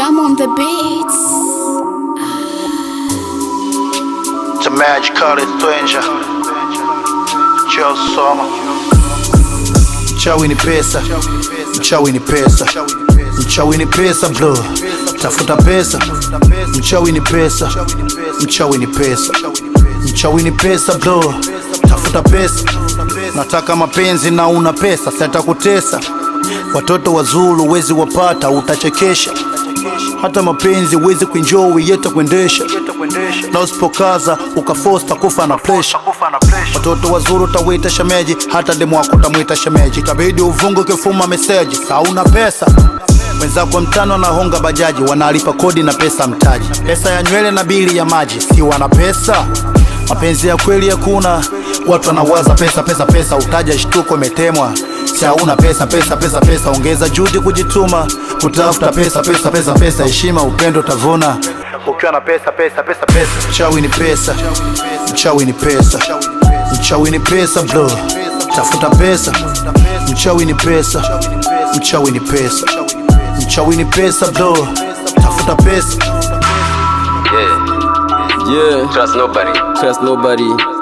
Jump on the beats. To magic kali twenja chao soma, mchawi pesa, mchawi pesa, mchawi pesa bro, tafuta pesa, mchawi pesa, mchawi pesa, mchawi pesa bro, tafuta uh. pesa, nataka mapenzi na una pesa, sitakutesa, watoto wazuri uwezi wapata, utachekesha hata mapenzi uwezi kuinjoi yeta kuendesha, na usipokaza ukafosta kufa na presha. Watoto wazuri utawita shemeji, hata demu wako utamwita shemeji. Itabidi uvunge ukifuma meseji, hauna pesa mwenzako mtano anahonga bajaji, wanalipa kodi na pesa mtaji, pesa ya nywele na bili ya maji, si wana pesa mapenzi ya kweli hakuna. Watu wanawaza pesa pesa pesa, utaja shtuko imetemwa Chauna pesa pesa pesa pesa, ongeza juhudi kujituma, kutafuta pesa pesa pesa pesa, heshima upendo tavuna ukiwa na pesa pesa pesa pesa. Mchawi ni pesa, mchawi ni pesa, mchawi ni pesa bro, tafuta pesa. Mchawi ni pesa, mchawi ni pesa, mchawi ni pesa bro, tafuta pesa. Yeah. Trust nobody. Trust nobody.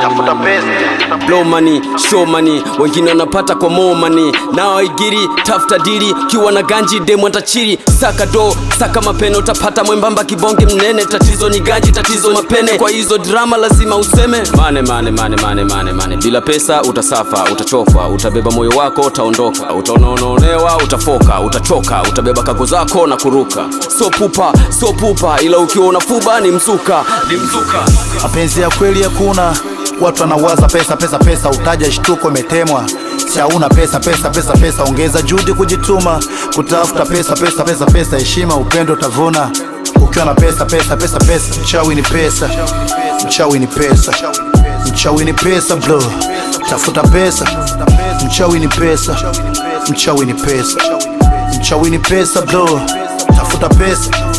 tafuta pesa blow money show money, wengine wanapata kwa more money, nao aigiri tafuta dili, kiwa na ganji demu atachiri, saka do saka mapene, utapata mwembamba kibonge mnene. Tatizo ni ganji, tatizo mapene, kwa hizo drama lazima useme mane mane mane mane mane mane. Bila pesa utasafa, utachofa, utabeba moyo wako, utaondoka, utaonaonewa, utafoka, utachoka, utabeba kago zako na kuruka. So pupa so pupa, ila ukiwa unafuba ni msuka ni mzuka. Mapenzi ya kweli hakuna Watu wanawaza pesa pesa pesa, utaja shtuko imetemwa Shauna pesa pesa pesa pesa, ongeza juhudi kujituma, kutafuta pesa pesa pesa pesa, heshima upendo utavuna ukiwa na pesa pesa pesa pesa. Mchawi ni pesa, mchawi ni pesa, mchawi ni pesa bro, tafuta pesa. Mchawi ni pesa, mchawi ni pesa, mchawi ni pesa bro, tafuta pesa.